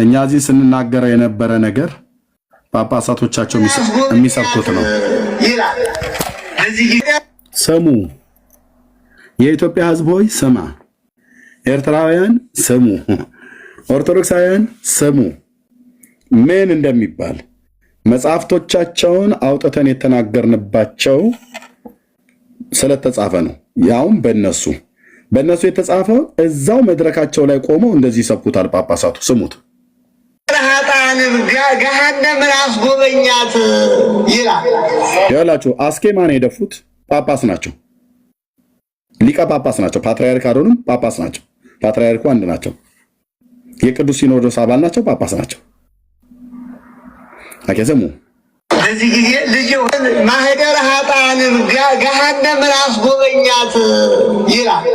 እኛ እዚህ ስንናገረው የነበረ ነገር ጳጳሳቶቻቸው የሚሰብኩት ነው። ስሙ፣ የኢትዮጵያ ሕዝብ ሆይ ስማ፣ ኤርትራውያን ስሙ፣ ኦርቶዶክሳውያን ስሙ፣ ምን እንደሚባል መጽሐፍቶቻቸውን አውጥተን የተናገርንባቸው ስለተጻፈ ነው። ያውም በነሱ በእነሱ የተጻፈው እዛው መድረካቸው ላይ ቆመው እንደዚህ ይሰብኩታል ጳጳሳቱ። ስሙት። ጣንም ያላችሁ አስኬማን የደፉት ጳጳስ ናቸው፣ ሊቀ ጳጳስ ናቸው። ፓትርያርክ አልሆኑም፣ ጳጳስ ናቸው። ፓትርያርኩ አንድ ናቸው። የቅዱስ ሲኖዶስ አባል ናቸው፣ ጳጳስ ናቸው። አኬዘሙ በዚህ ጊዜ ልጅ ማህደር ሀጣንም ገሃነም ራስ ይላል።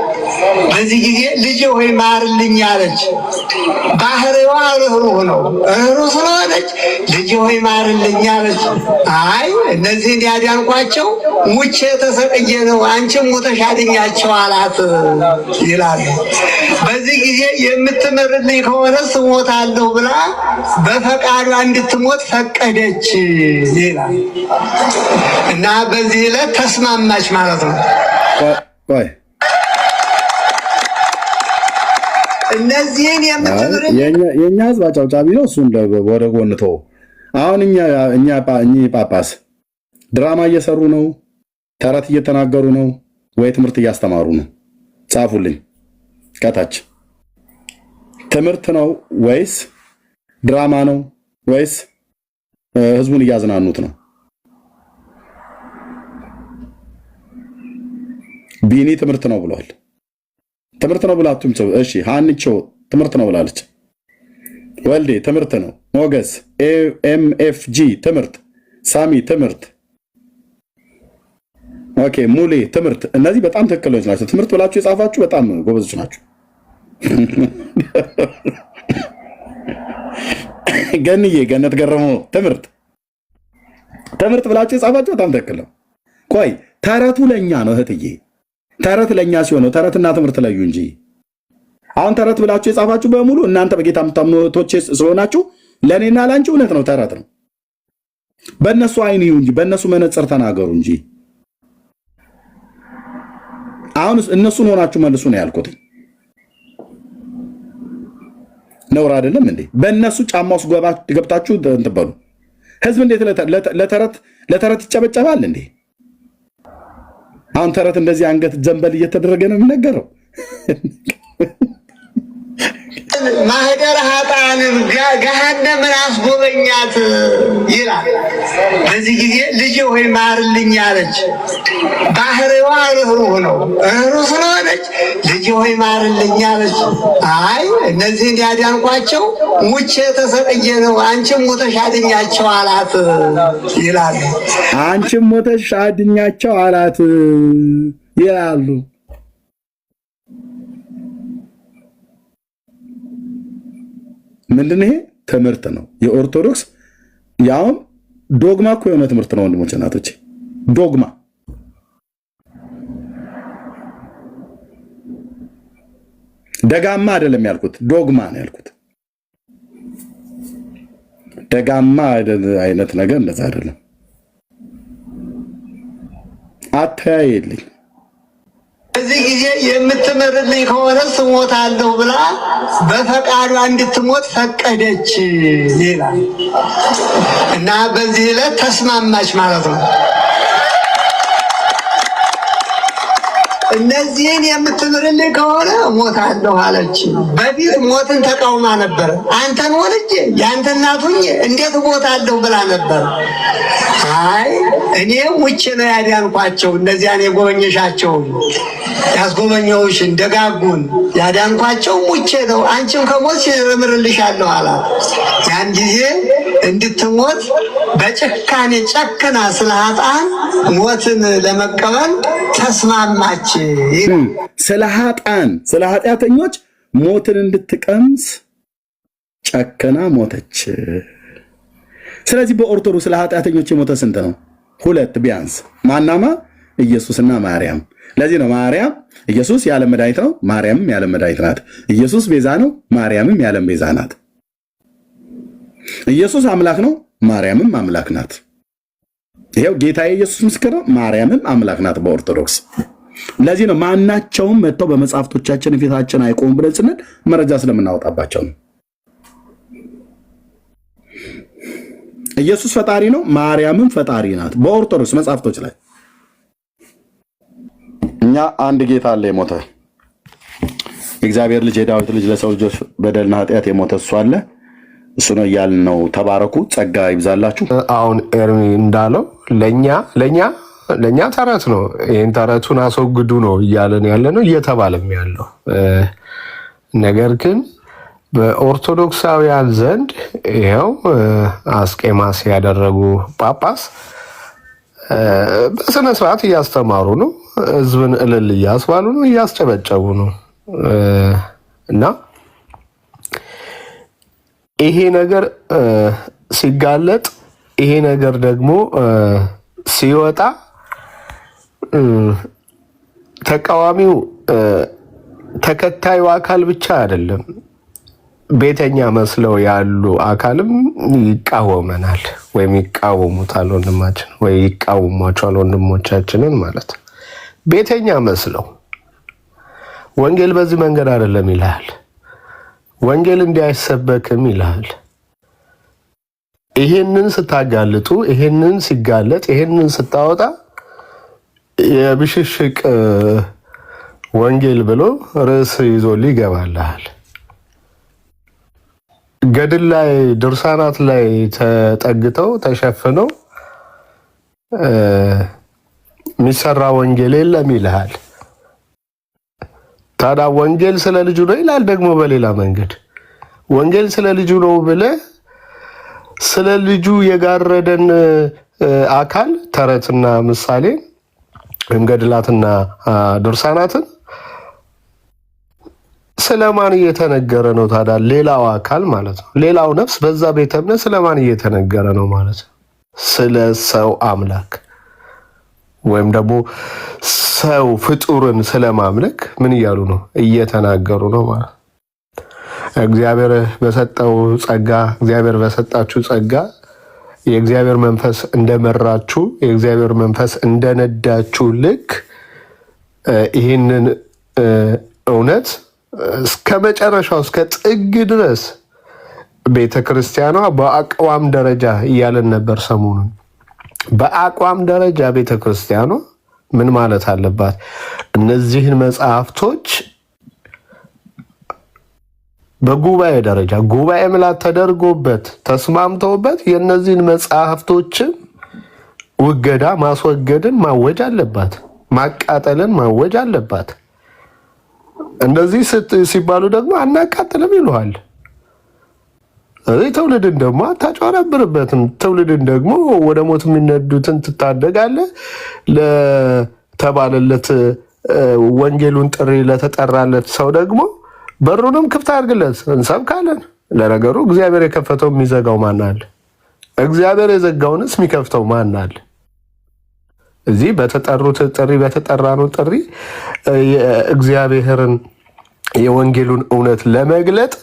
በዚህ ጊዜ ልጅ ሆይ ማርልኝ አለች። ባህሪዋ ርኅሩህ ነው። ርኅሩህ ስለሆነች ልጅ ሆይ ማርልኝ አለች። አይ እነዚህን ያዳንኳቸው ሙቼ ተሰቅዬ ነው፣ አንቺም ሙተሽ አድኛቸው አላት ይላል። በዚህ ጊዜ የምትምርልኝ ከሆነ ስሞታለሁ ብላ በፈቃዷ እንድትሞት ፈቀደች ይላል እና በዚህ ዕለት ተስማማች ማለት ነው። እነዚህን የእኛ ህዝብ አጫውጫቢ ነው። እሱን ወደ ጎን ተወው። አሁን እኚህ ጳጳስ ድራማ እየሰሩ ነው፣ ተረት እየተናገሩ ነው ወይ ትምህርት እያስተማሩ ነው? ጻፉልኝ ከታች ትምህርት ነው ወይስ ድራማ ነው ወይስ ህዝቡን እያዝናኑት ነው? ቢኒ ትምህርት ነው ብሏል። ትምህርት ነው ብላቱም ሰው እሺ ሀንቸው ትምህርት ነው ብላለች። ወልዴ ትምህርት ነው። ሞገስ ኤምኤፍጂ ትምህርት፣ ሳሚ ትምህርት፣ ኦኬ ሙሌ ትምህርት። እነዚህ በጣም ትክክሎች ናቸው። ትምህርት ብላችሁ የጻፋችሁ በጣም ጎበዞች ናቸው። ገንዬ ገነት ገረሞ ትምህርት ትምህርት ብላችሁ የጻፋችሁ በጣም ትክክል ነው። ቆይ ተረቱ ለእኛ ነው እህትዬ ተረት ለእኛ ሲሆነው ተረትና ትምህርት ለዩ እንጂ አሁን ተረት ብላችሁ የጻፋችሁ በሙሉ እናንተ በጌታ የምታምኖቶች ስለሆናችሁ ለእኔና ለአንቺ እውነት ነው፣ ተረት ነው። በእነሱ አይን ይዩ እንጂ በእነሱ መነጽር ተናገሩ እንጂ። አሁን እነሱን ሆናችሁ መልሱ ነው ያልኩት። ነውር አይደለም እንዴ? በእነሱ ጫማ ውስጥ ገብታችሁ ትበሉ። ህዝብ እንዴት ለተረት ይጨበጨባል እንዴ? አሁን ተረት እንደዚህ አንገት ዘንበል እየተደረገ ነው የሚነገረው። ማህደር ሀጣ ገሃነም ገሃነምን አስጎበኛት ይላል። በዚህ ጊዜ ልጅ ሆይ ማርልኝ አለች። ባህሪዋ ርኅሩህ ነው። ርኅሩህ ስለሆነች ልጅ ሆይ ማርልኝ አለች። አይ እነዚህን ያዳንኳቸው ሙቼ ተሰቅዬ ነው፣ አንቺም ሞተሽ አድኛቸው አላት ይላሉ። አንቺም ሞተሽ አድኛቸው አላት ይላሉ። ምንድን ይሄ ትምህርት ነው የኦርቶዶክስ ያውም ዶግማ እኮ የሆነ ትምህርት ነው ወንድሞች እናቶች ዶግማ ደጋማ አይደለም ያልኩት ዶግማ ነው ያልኩት ደጋማ አይነት ነገር እንደዛ አይደለም አተያየልኝ በዚህ ጊዜ የምትምርልኝ ከሆነ ስሞታለሁ ብላ በፈቃዷ እንድትሞት ፈቀደች ይላል እና በዚህ ዕለት ተስማማች ማለት ነው። እነዚህን የምትምርልኝ ከሆነ ሞታለሁ አለች። በፊት ሞትን ተቃውማ ነበር። አንተን ወልጄ የአንተ እናቱኝ እንዴት ሞታለሁ ብላ ነበር። አይ እኔ ውጭ ነው ያዳንኳቸው እነዚያን የጎበኘሻቸው ያስጎበኘውሽን ደጋጉን ያዳንኳቸው ውጭ ነው። አንቺም ከሞት እምርልሻለሁ አላት። ያን ጊዜ እንድትሞት በጭካኔ ጨክና ስለ ሀጣን ሞትን ለመቀበል ተስማማች። ስለ ሀጣን ስለ ኃጢአተኞች ሞትን እንድትቀምስ ጨክና ሞተች። ስለዚህ በኦርቶዶክስ ስለ የሞተ ስንት ነው? ሁለት ቢያንስ ማናማ ኢየሱስና ማርያም። ለዚህ ነው ማርያም ኢየሱስ የዓለም መድኃኒት ነው፣ ማርያምም የዓለም መድኃኒት ናት። ኢየሱስ ቤዛ ነው፣ ማርያምም የዓለም ቤዛ ናት። ኢየሱስ አምላክ ነው፣ ማርያምም አምላክ ናት። ይሄው ጌታ የኢየሱስ ምስክር ነው፣ ማርያምም አምላክ ናት በኦርቶዶክስ። ለዚህ ነው ማናቸውም መጥተው በመጽሐፍቶቻችን ፊታችን አይቆሙም ብለን ስንል መረጃ ስለምናወጣባቸው ነው። ኢየሱስ ፈጣሪ ነው፣ ማርያምም ፈጣሪ ናት። በኦርቶዶክስ መጽሐፍቶች ላይ እኛ አንድ ጌታ አለ የሞተ እግዚአብሔር ልጅ የዳዊት ልጅ ለሰው ልጆች በደልና ኃጢአት የሞተ እሱ አለ እሱ ነው እያልን ነው። ተባረኩ፣ ጸጋ ይብዛላችሁ። አሁን ኤርሚ እንዳለው ለእኛ ለእኛ ለእኛ ተረት ነው። ይህን ተረቱን አስወግዱ ነው እያለን ያለ ነው እየተባለም ያለው ነገር ግን በኦርቶዶክሳውያን ዘንድ ይኸው አስቄማስ ያደረጉ ጳጳስ በስነ ስርዓት እያስተማሩ ነው። ህዝብን እልል እያስባሉ ነው፣ እያስጨበጨቡ ነው። እና ይሄ ነገር ሲጋለጥ ይሄ ነገር ደግሞ ሲወጣ ተቃዋሚው ተከታዩ አካል ብቻ አይደለም ቤተኛ መስለው ያሉ አካልም ይቃወመናል ወይም ይቃወሙታል ወንድማችን ወይ ይቃወሟቸዋል ወንድሞቻችንን ማለት ቤተኛ መስለው ወንጌል በዚህ መንገድ አይደለም ይልሃል። ወንጌል እንዲያይሰበክም አይሰበክም ይልሃል። ይሄንን ስታጋልጡ፣ ይሄንን ሲጋለጥ፣ ይሄንን ስታወጣ የብሽሽቅ ወንጌል ብሎ ርዕስ ይዞ ይገባልሃል። ገድል ላይ ድርሳናት ላይ ተጠግተው ተሸፍነው የሚሰራ ወንጌል የለም ይልሃል። ታዲያ ወንጌል ስለ ልጁ ነው ይላል ደግሞ በሌላ መንገድ። ወንጌል ስለ ልጁ ነው ብለ ስለ ልጁ የጋረደን አካል ተረትና ምሳሌ ወይም ገድላትና ድርሳናትን ስለማን እየተነገረ ነው ታዲያ? ሌላው አካል ማለት ነው። ሌላው ነፍስ በዛ ቤተ እምነት ስለማን እየተነገረ ነው ማለት ነው? ስለ ሰው አምላክ ወይም ደግሞ ሰው ፍጡርን ስለማምለክ ምን እያሉ ነው? እየተናገሩ ነው ማለት ነው። እግዚአብሔር በሰጠው ጸጋ፣ እግዚአብሔር በሰጣችሁ ጸጋ የእግዚአብሔር መንፈስ እንደመራችሁ የእግዚአብሔር መንፈስ እንደነዳችሁ ልክ ይህንን እውነት እስከ መጨረሻው እስከ ጥግ ድረስ ቤተ ክርስቲያኗ በአቋም ደረጃ እያለን ነበር ሰሞኑን። በአቋም ደረጃ ቤተ ክርስቲያኗ ምን ማለት አለባት? እነዚህን መጽሐፍቶች በጉባኤ ደረጃ ጉባኤ ምላት ተደርጎበት ተስማምተውበት የእነዚህን መጽሐፍቶችን ውገዳ ማስወገድን ማወጅ አለባት። ማቃጠልን ማወጅ አለባት። እንደዚህ ሲባሉ ደግሞ አናቃጥልም ይለዋል። እዚህ ትውልድን ደግሞ አታጨረብርበትም። ትውልድን ደግሞ ወደ ሞት የሚነዱትን ትታደጋለህ። ለተባለለት ወንጌሉን ጥሪ ለተጠራለት ሰው ደግሞ በሩንም ክፍት አድርግለት፣ እንሰብካለን። ለነገሩ እግዚአብሔር የከፈተው የሚዘጋው ማን አለ? እግዚአብሔር የዘጋውንስ የሚከፍተው ማን አለ? እዚህ በተጠሩት ጥሪ በተጠራነው ጥሪ እግዚአብሔርን የወንጌሉን እውነት ለመግለጥ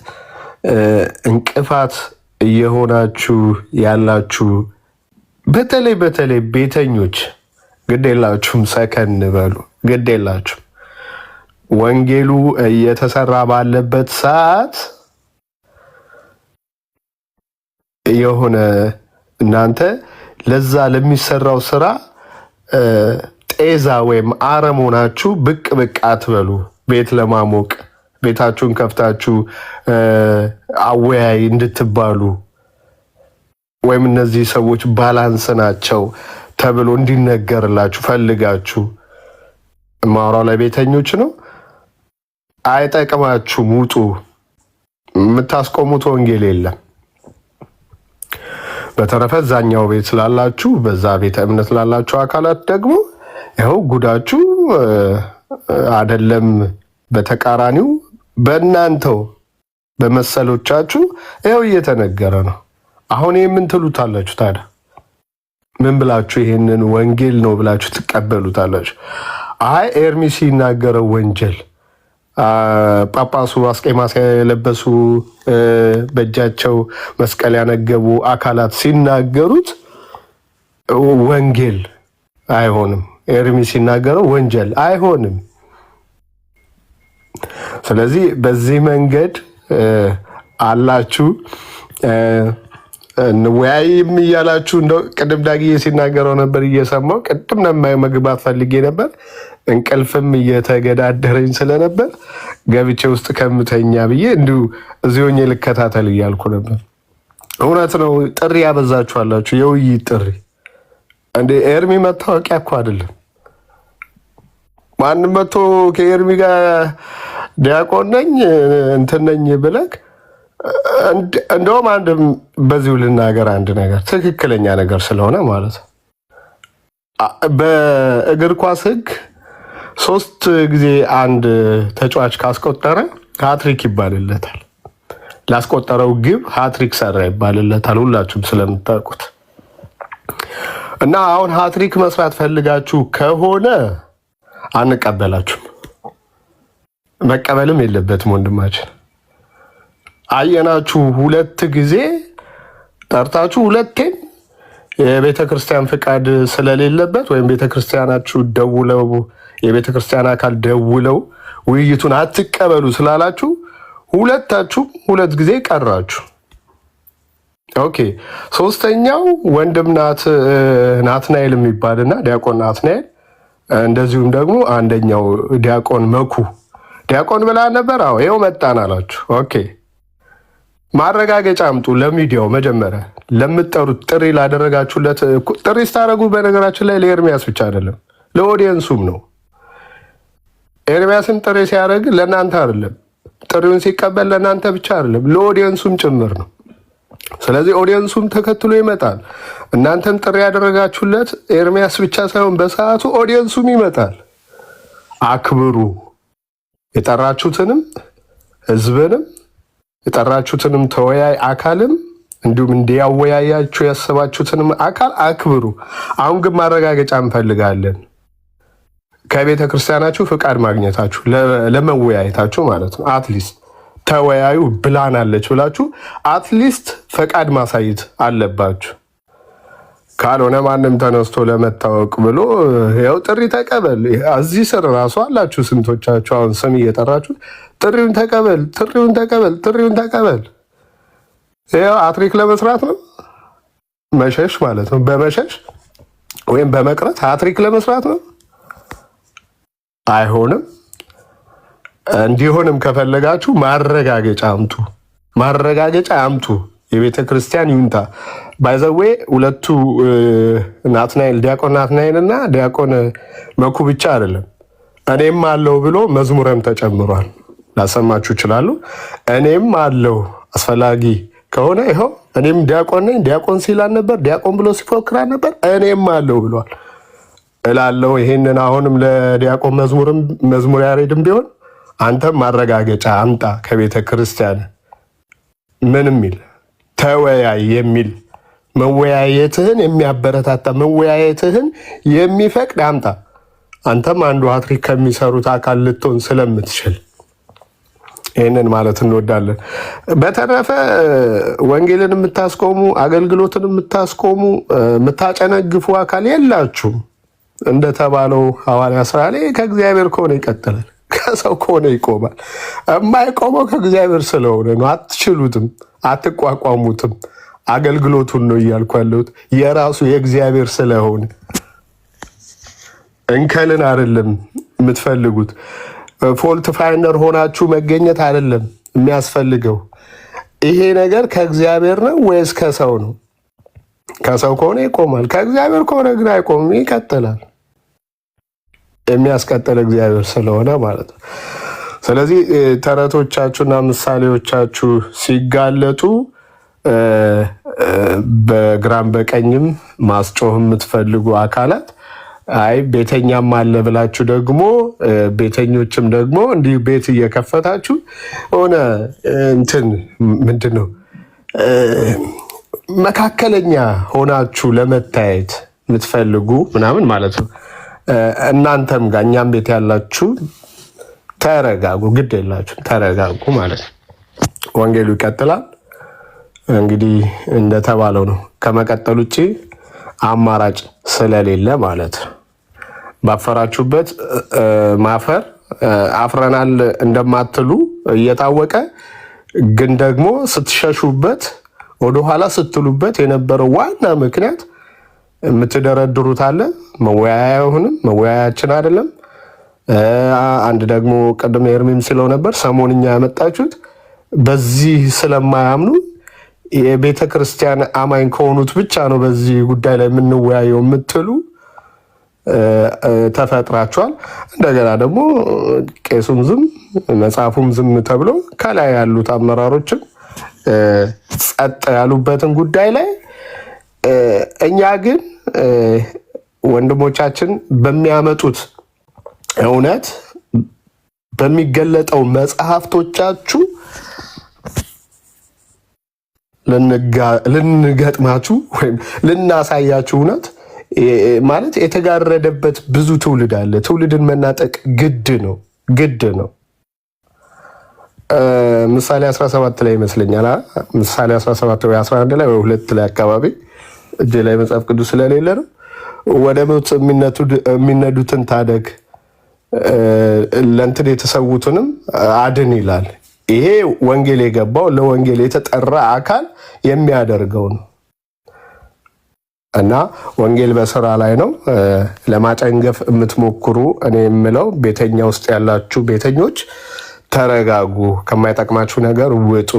እንቅፋት እየሆናችሁ ያላችሁ በተለይ በተለይ ቤተኞች ግድ የላችሁም፣ ሰከን በሉ፣ ግድ የላችሁም። ወንጌሉ እየተሰራ ባለበት ሰዓት የሆነ እናንተ ለዛ ለሚሰራው ስራ ጤዛ ወይም አረም ሆናችሁ ብቅ ብቅ አትበሉ ቤት ለማሞቅ ቤታችሁን ከፍታችሁ አወያይ እንድትባሉ ወይም እነዚህ ሰዎች ባላንስ ናቸው ተብሎ እንዲነገርላችሁ ፈልጋችሁ ማውራው ላይ ቤተኞች ነው። አይጠቅማችሁም፣ ውጡ። የምታስቆሙት ወንጌል የለም። በተረፈ እዛኛው ቤት ስላላችሁ፣ በዛ ቤተ እምነት ላላችሁ አካላት ደግሞ ይኸው ጉዳችሁ አደለም በተቃራኒው በእናንተው በመሰሎቻችሁ ይኸው እየተነገረ ነው። አሁን የምን ትሉታላችሁ ታዲያ? ምን ብላችሁ ይሄንን ወንጌል ነው ብላችሁ ትቀበሉታላችሁ? አይ ኤርሚስ ሲናገረው ወንጀል ጳጳሱ አስቄማስ የለበሱ በእጃቸው መስቀል ያነገቡ አካላት ሲናገሩት ወንጌል አይሆንም። ኤርሚስ ሲናገረው ወንጀል አይሆንም። ስለዚህ በዚህ መንገድ አላችሁ እንወያይም እያላችሁ እንደ ቅድም ዳግዬ ሲናገረው ነበር እየሰማው ቅድም ለማየው መግባት ፈልጌ ነበር። እንቅልፍም እየተገዳደረኝ ስለነበር ገብቼ ውስጥ ከምተኛ ብዬ እንዲሁ እዚህ ሆኜ ልከታተል እያልኩ ነበር። እውነት ነው፣ ጥሪ ያበዛችኋላችሁ። የውይይት ጥሪ እንደ ኤርሚ መታወቂያ እኮ አይደለም። ማንም መቶ ከኤርሚ ጋር ዲያቆን ነኝ እንትን ነኝ እንደውም አንድ በዚሁ ልናገር አንድ ነገር ትክክለኛ ነገር ስለሆነ ማለት ነው። በእግር ኳስ ሕግ ሶስት ጊዜ አንድ ተጫዋች ካስቆጠረ ሀትሪክ ይባልለታል። ላስቆጠረው ግብ ሀትሪክ ሰራ ይባልለታል። ሁላችሁም ስለምታውቁት እና አሁን ሀትሪክ መስራት ፈልጋችሁ ከሆነ አንቀበላችሁም። መቀበልም የለበትም ወንድማችን። አየናችሁ፣ ሁለት ጊዜ ጠርታችሁ ሁለቴም የቤተ ክርስቲያን ፍቃድ ስለሌለበት ወይም ቤተ ክርስቲያናችሁ ደውለው የቤተ ክርስቲያን አካል ደውለው ውይይቱን አትቀበሉ ስላላችሁ ሁለታችሁ ሁለት ጊዜ ቀራችሁ። ኦኬ። ሶስተኛው ወንድም ናት ናትናኤል የሚባልና ዲያቆን ናትናኤል እንደዚሁም ደግሞ አንደኛው ዲያቆን መኩ ዲያቆን ብላ ነበር? አዎ ይኸው መጣን አላችሁ። ኦኬ ማረጋገጫ አምጡ ለሚዲያው። መጀመሪያ ለምጠሩት ጥሪ ላደረጋችሁለት ጥሪ ስታደረጉ፣ በነገራችን ላይ ለኤርሚያስ ብቻ አይደለም ለኦዲየንሱም ነው። ኤርሚያስን ጥሪ ሲያደርግ ለእናንተ አይደለም፣ ጥሪውን ሲቀበል ለእናንተ ብቻ አይደለም ለኦዲየንሱም ጭምር ነው። ስለዚህ ኦዲየንሱም ተከትሎ ይመጣል። እናንተም ጥሪ ያደረጋችሁለት ኤርሚያስ ብቻ ሳይሆን በሰዓቱ ኦዲየንሱም ይመጣል። አክብሩ። የጠራችሁትንም ህዝብንም የጠራችሁትንም ተወያይ አካልም እንዲሁም እንዲያወያያችሁ ያሰባችሁትንም አካል አክብሩ። አሁን ግን ማረጋገጫ እንፈልጋለን ከቤተ ክርስቲያናችሁ ፍቃድ ማግኘታችሁ ለመወያየታችሁ ማለት ነው። አትሊስት ተወያዩ ብላናለች ብላችሁ አትሊስት ፈቃድ ማሳየት አለባችሁ። ካልሆነ ማንም ተነስቶ ለመታወቅ ብሎ ያው ጥሪ ተቀበል። እዚህ ስር ራሱ አላችሁ ስንቶቻችሁ አሁን ስም እየጠራችሁ ጥሪውን ተቀበል፣ ጥሪውን ተቀበል፣ ጥሪውን ተቀበል። ያው አትሪክ ለመስራት ነው መሸሽ ማለት ነው። በመሸሽ ወይም በመቅረት አትሪክ ለመስራት ነው። አይሆንም። እንዲሆንም ከፈለጋችሁ ማረጋገጫ አምጡ፣ ማረጋገጫ አምጡ። የቤተ ክርስቲያን ይሁንታ ባይዘዌ ሁለቱ ናትናኤል ዲያቆን ናትናኤል እና ዲያቆን መኩ ብቻ አይደለም እኔም አለው ብሎ መዝሙረም ተጨምሯል። ላሰማችሁ ይችላሉ። እኔም አለው አስፈላጊ ከሆነ ይኸው እኔም ዲያቆን ነኝ ዲያቆን ሲላል ነበር። ዲያቆን ብሎ ሲፎክራል ነበር። እኔም አለው ብሏል እላለው። ይህንን አሁንም ለዲያቆን መዝሙርም መዝሙር ያሬድም ቢሆን አንተም ማረጋገጫ አምጣ ከቤተ ክርስቲያን ምን የሚል ተወያይ የሚል መወያየትህን የሚያበረታታ መወያየትህን የሚፈቅድ አምጣ። አንተም አንዱ ሀትሪክ ከሚሰሩት አካል ልትሆን ስለምትችል ይህንን ማለት እንወዳለን። በተረፈ ወንጌልን የምታስቆሙ አገልግሎትን የምታስቆሙ የምታጨነግፉ አካል የላችሁም። እንደተባለው ሐዋርያ ስራ ላይ ከእግዚአብሔር ከሆነ ይቀጥላል። ከሰው ከሆነ ይቆማል። የማይቆመው ከእግዚአብሔር ስለሆነ ነው። አትችሉትም፣ አትቋቋሙትም። አገልግሎቱን ነው እያልኩ ያለሁት የራሱ የእግዚአብሔር ስለሆነ እንከልን አይደለም የምትፈልጉት። ፎልት ፋይነር ሆናችሁ መገኘት አይደለም የሚያስፈልገው። ይሄ ነገር ከእግዚአብሔር ነው ወይስ ከሰው ነው? ከሰው ከሆነ ይቆማል፣ ከእግዚአብሔር ከሆነ ግን አይቆምም፣ ይቀጥላል። የሚያስቀጥል እግዚአብሔር ስለሆነ ማለት ነው። ስለዚህ ተረቶቻችሁና ምሳሌዎቻችሁ ሲጋለጡ በግራም በቀኝም ማስጮህ የምትፈልጉ አካላት አይ ቤተኛም አለ ብላችሁ ደግሞ ቤተኞችም ደግሞ እንዲህ ቤት እየከፈታችሁ ሆነ እንትን ምንድን ነው መካከለኛ ሆናችሁ ለመታየት የምትፈልጉ ምናምን ማለት ነው። እናንተም ጋር እኛም ቤት ያላችሁ ተረጋጉ፣ ግድ የላችሁ ተረጋጉ ማለት ነው። ወንጌሉ ይቀጥላል። እንግዲህ እንደተባለው ነው ከመቀጠል ውጭ አማራጭ ስለሌለ ማለት ነው። ባፈራችሁበት ማፈር አፍረናል እንደማትሉ እየታወቀ ግን ደግሞ ስትሸሹበት ወደኋላ ስትሉበት የነበረው ዋና ምክንያት የምትደረድሩት አለ። መወያያ አይሆንም፣ መወያያችን አይደለም። አንድ ደግሞ ቅድም ኤርሚም ስለው ነበር ሰሞንኛ ያመጣችሁት በዚህ ስለማያምኑ የቤተ ክርስቲያን አማኝ ከሆኑት ብቻ ነው በዚህ ጉዳይ ላይ የምንወያየው የምትሉ ተፈጥራችኋል። እንደገና ደግሞ ቄሱም ዝም መጽሐፉም ዝም ተብሎ ከላይ ያሉት አመራሮችም ጸጥ ያሉበትን ጉዳይ ላይ እኛ ግን ወንድሞቻችን በሚያመጡት እውነት በሚገለጠው መጽሐፍቶቻችሁ ልንገጥማችሁ ወይም ልናሳያችሁ እውነት ማለት የተጋረደበት ብዙ ትውልድ አለ። ትውልድን መናጠቅ ግድ ነው ግድ ነው። ምሳሌ 17 ላይ ይመስለኛል ምሳሌ 17 ወይ 11 ላይ ወይ ሁለት ላይ አካባቢ እጅ ላይ መጽሐፍ ቅዱስ ስለሌለ ነው። ወደ ሞት የሚነዱትን ታደግ፣ ለእንትን የተሰዉትንም አድን ይላል። ይሄ ወንጌል የገባው ለወንጌል የተጠራ አካል የሚያደርገው ነው እና ወንጌል በስራ ላይ ነው። ለማጨንገፍ የምትሞክሩ እኔ የምለው ቤተኛ ውስጥ ያላችሁ ቤተኞች ተረጋጉ፣ ከማይጠቅማችሁ ነገር ውጡ፣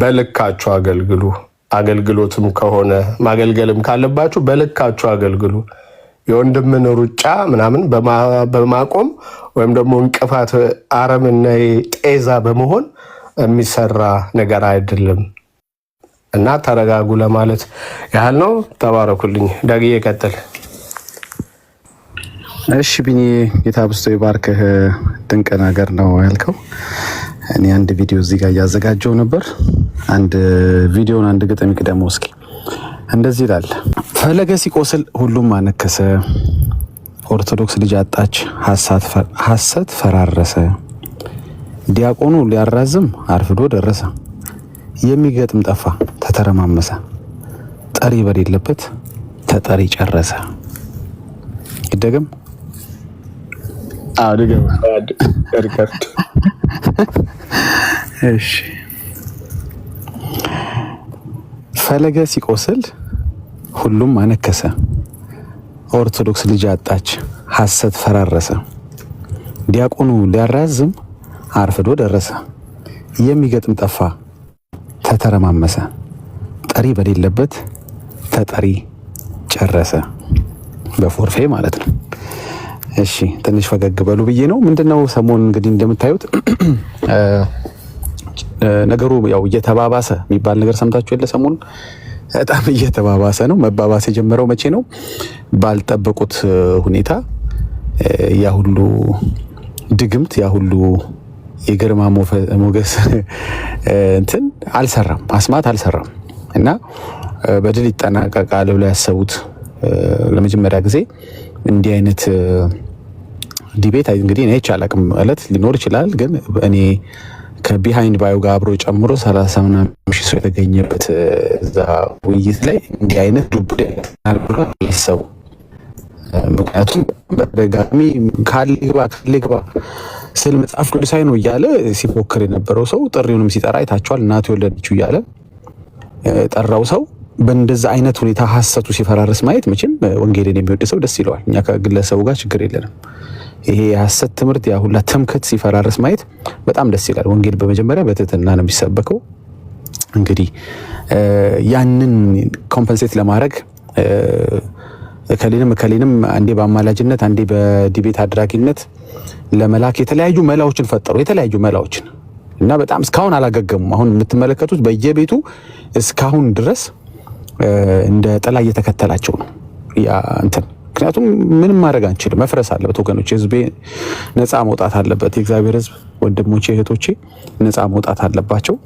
በልካችሁ አገልግሉ። አገልግሎትም ከሆነ ማገልገልም ካለባችሁ በልካችሁ አገልግሉ። የወንድምን ሩጫ ምናምን በማቆም ወይም ደግሞ እንቅፋት አረምና ጤዛ በመሆን የሚሰራ ነገር አይደለም እና ተረጋጉ ለማለት ያህል ነው። ተባረኩልኝ። ዳግዬ ቀጥል። እሺ ቢኒ፣ ጌታ ብስቶ ይባርክህ። ድንቅ ነገር ነው ያልከው። እኔ አንድ ቪዲዮ እዚህ ጋር እያዘጋጀው ነበር። አንድ ቪዲዮን አንድ ግጥም ቅደመው እስኪ። እንደዚህ ይላል። ፈለገ ሲቆስል ሁሉም አነከሰ፣ ኦርቶዶክስ ልጅ አጣች፣ ሐሰት ፈራረሰ። ዲያቆኑ ሊያራዝም አርፍዶ ደረሰ፣ የሚገጥም ጠፋ ተተረማመሰ፣ ጠሪ በሌለበት ተጠሪ ጨረሰ። ይደገም። አዎ ሪከርድ እሺ ፈለገ ሲቆስል ሁሉም አነከሰ። ኦርቶዶክስ ልጅ አጣች፣ ሐሰት ፈራረሰ። ዲያቆኑ ሊያራዝም አርፍዶ ደረሰ። የሚገጥም ጠፋ ተተረማመሰ። ጠሪ በሌለበት ተጠሪ ጨረሰ። በፎርፌ ማለት ነው። እሺ ትንሽ ፈገግ በሉ ብዬ ነው። ምንድነው ሰሞን እንግዲህ እንደምታዩት ነገሩ ያው እየተባባሰ የሚባል ነገር ሰምታችሁ የለ ሰሞኑን በጣም እየተባባሰ ነው። መባባስ የጀመረው መቼ ነው? ባልጠበቁት ሁኔታ ያ ሁሉ ድግምት ያ ሁሉ የግርማ ሞገስ እንትን አልሰራም፣ አስማት አልሰራም እና በድል ይጠናቀቃል ብለው ያሰቡት ለመጀመሪያ ጊዜ እንዲህ አይነት ዲቤት እንግዲህ እኔ አይቼ አላቅም። ሊኖር ይችላል ግን እኔ ከቢሃይንድ ባዮ ጋር አብሮ ጨምሮ ሰላሳ ምናምን ሺህ ሰው የተገኘበት እዛ ውይይት ላይ እንዲህ አይነት ዱብዳ ሰው ምክንያቱም በተደጋጋሚ ካለ ግባ ካለ ግባ ስል መጽሐፍ ቅዱሳዊ ነው እያለ ሲፎክር የነበረው ሰው ጥሪውንም ሲጠራ አይታችኋል። እናቱ የወለደችው እያለ ጠራው ሰው በእንደዛ አይነት ሁኔታ ሀሰቱ ሲፈራርስ ማየት መቼም ወንጌልን የሚወድ ሰው ደስ ይለዋል። እኛ ከግለሰቡ ጋር ችግር የለንም። ይሄ የሐሰት ትምህርት ያ ሁላ ሲፈራረስ ማየት በጣም ደስ ይላል። ወንጌል በመጀመሪያ በትህትና ነው የሚሰበከው። እንግዲህ ያንን ኮምፐንሴት ለማድረግ እከሌንም እከሌንም አንዴ በአማላጅነት አንዴ በዲቤት አድራጊነት ለመላክ የተለያዩ መላዎችን ፈጠሩ። የተለያዩ መላዎችን እና በጣም እስካሁን አላገገሙም። አሁን የምትመለከቱት በየቤቱ እስካሁን ድረስ እንደ ጥላ እየተከተላቸው ነው ያ እንትን ምክንያቱም ምንም ማድረግ አንችልም። መፍረስ አለበት ወገኖች፣ ህዝቤ ነፃ መውጣት አለበት። የእግዚአብሔር ህዝብ ወንድሞቼ፣ እህቶቼ ነፃ መውጣት አለባቸው።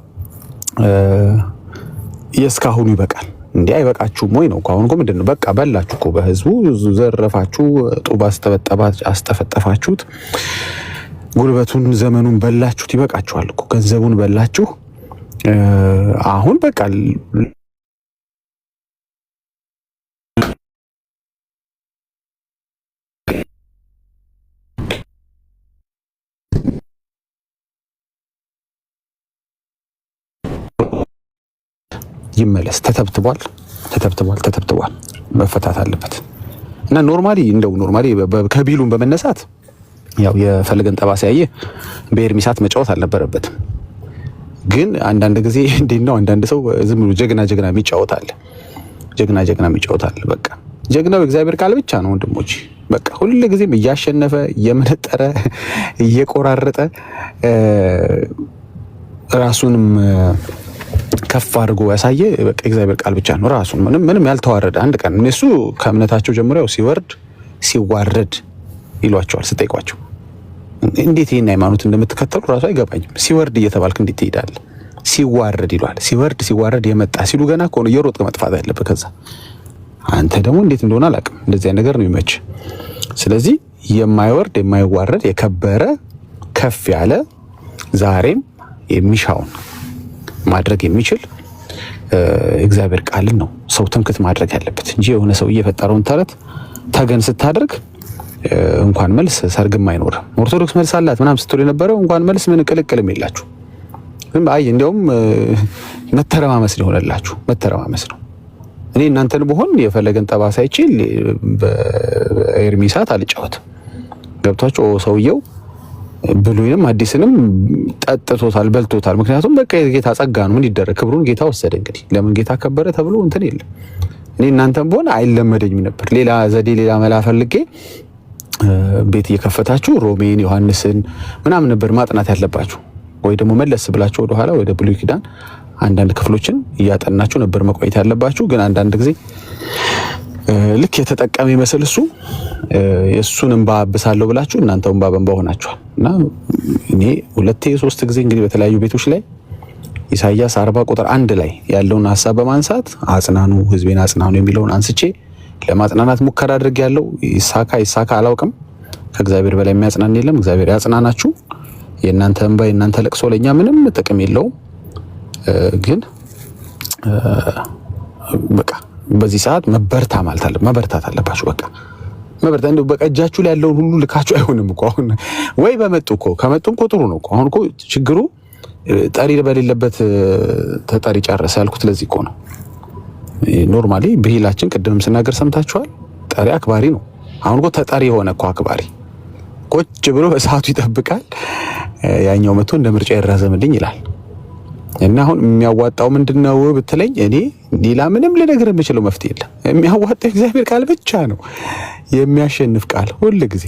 የእስካሁኑ ይበቃል። እንዲህ አይበቃችሁም ወይ ነው? አሁን ምንድን ነው በቃ በላችሁ እኮ በህዝቡ ዘረፋችሁ፣ ጡብ አስጠፈጠፋችሁት፣ ጉልበቱን ዘመኑን በላችሁት። ይበቃችኋል እኮ ገንዘቡን በላችሁ። አሁን በቃ ይመለስ። ተተብትቧል፣ ተተብትቧል፣ ተተብትቧል። መፈታት አለበት እና ኖርማሊ እንደው ኖርማሊ ከቢሉን በመነሳት ያው የፈለገን ጠባ ሲያየ በኤርሚሳት መጫወት አልነበረበትም። ግን አንዳንድ ጊዜ እንዴት ነው አንዳንድ ሰው ዝም ብሎ ጀግና ጀግና የሚጫወታል ጀግና ጀግና የሚጫወታል። በቃ ጀግናው እግዚአብሔር ቃል ብቻ ነው ወንድሞች። በቃ ሁሉ ጊዜም እያሸነፈ እየመነጠረ እየቆራረጠ ራሱንም ከፍ አድርጎ ያሳየ እግዚአብሔር ቃል ብቻ ነው። ራሱ ምንም ምንም ያልተዋረደ አንድ ቀን እነሱ ከእምነታቸው ጀምሮ ሲወርድ ሲዋረድ ይሏቸዋል ስጠይቋቸው እንዴት ይህን ሃይማኖት እንደምትከተሉ ራሱ አይገባኝም። ሲወርድ እየተባልክ እንዴት ትሄዳለህ? ሲዋረድ ይሏል። ሲወርድ ሲዋረድ የመጣ ሲሉ ገና ከሆነ እየሮጥክ መጥፋት ያለብህ ከዛ አንተ ደግሞ እንዴት እንደሆነ አላውቅም። እንደዚያ ነገር ነው ይመች። ስለዚህ የማይወርድ የማይዋረድ የከበረ ከፍ ያለ ዛሬም የሚሻውን ማድረግ የሚችል እግዚአብሔር ቃልን ነው ሰው ትምክት ማድረግ ያለበት እንጂ የሆነ ሰው እየፈጠረውን ተረት ተገን ስታደርግ እንኳን መልስ ሰርግም አይኖርም። ኦርቶዶክስ መልስ አላት ምናም ስትሉ የነበረው እንኳን መልስ ምን ቅልቅልም የላችሁ። አይ እንዲያውም መተረማመስ ሊሆነላችሁ መተረማመስ ነው። እኔ እናንተን ብሆን የፈለገን ጠባሳ አይቼ በኤርሚሳት አልጫወትም። ገብቷቸው ሰውየው ብሉይንም አዲስንም ጠጥቶታል፣ በልቶታል። ምክንያቱም በቃ የጌታ ጸጋ ነው። ምን ይደረግ? ክብሩን ጌታ ወሰደ። እንግዲህ ለምን ጌታ ከበረ ተብሎ እንትን የለም። እኔ እናንተም በሆነ አይለመደኝም ነበር። ሌላ ዘዴ፣ ሌላ መላ ፈልጌ ቤት እየከፈታችሁ ሮሜን፣ ዮሐንስን ምናምን ነበር ማጥናት ያለባችሁ ወይ ደግሞ መለስ ብላችሁ ወደኋላ ወደ ብሉይ ኪዳን አንዳንድ ክፍሎችን እያጠናችሁ ነበር መቆየት ያለባችሁ። ግን አንዳንድ ጊዜ ልክ የተጠቀመ ይመስል እሱ የእሱን እንባ አብሳለሁ ብላችሁ እናንተ እንባ በእንባ ሆናችኋል። እና እኔ ሁለቴ ሶስት ጊዜ እንግዲህ በተለያዩ ቤቶች ላይ ኢሳያስ አርባ ቁጥር አንድ ላይ ያለውን ሀሳብ በማንሳት አጽናኑ፣ ህዝቤን አጽናኑ የሚለውን አንስቼ ለማጽናናት ሙከራ አድርግ ያለው ይሳካ ይሳካ አላውቅም። ከእግዚአብሔር በላይ የሚያጽናን የለም። እግዚአብሔር ያጽናናችሁ። የእናንተ እንባ የእናንተ ለቅሶ ለእኛ ምንም ጥቅም የለውም ግን በቃ በዚህ ሰዓት መበርታ ማለት አለ መበርታት አለባችሁ። በቃ መበርታ እንደው በቃ እጃችሁ ላይ ያለውን ሁሉ ልካችሁ አይሆንም እኮ አሁን ወይ በመጡ እኮ ከመጡም እኮ ጥሩ ነው እኮ አሁን እኮ ችግሩ ጠሪ በሌለበት ተጠሪ ጨረሰ ያልኩት ለዚህ እኮ ነው። ኖርማሊ ብሂላችን ቅድምም ስናገር ሰምታችኋል። ጠሪ አክባሪ ነው። አሁን እኮ ተጠሪ የሆነ እኮ አክባሪ ቁጭ ብሎ በሰዓቱ ይጠብቃል። ያኛው መቶ እንደ ምርጫ ይራዘምልኝ ይላል። እና አሁን የሚያዋጣው ምንድን ነው ብትለኝ፣ እኔ ሌላ ምንም ልነግር የምችለው መፍትሄ የለም። የሚያዋጣው እግዚአብሔር ቃል ብቻ ነው፣ የሚያሸንፍ ቃል ጊዜ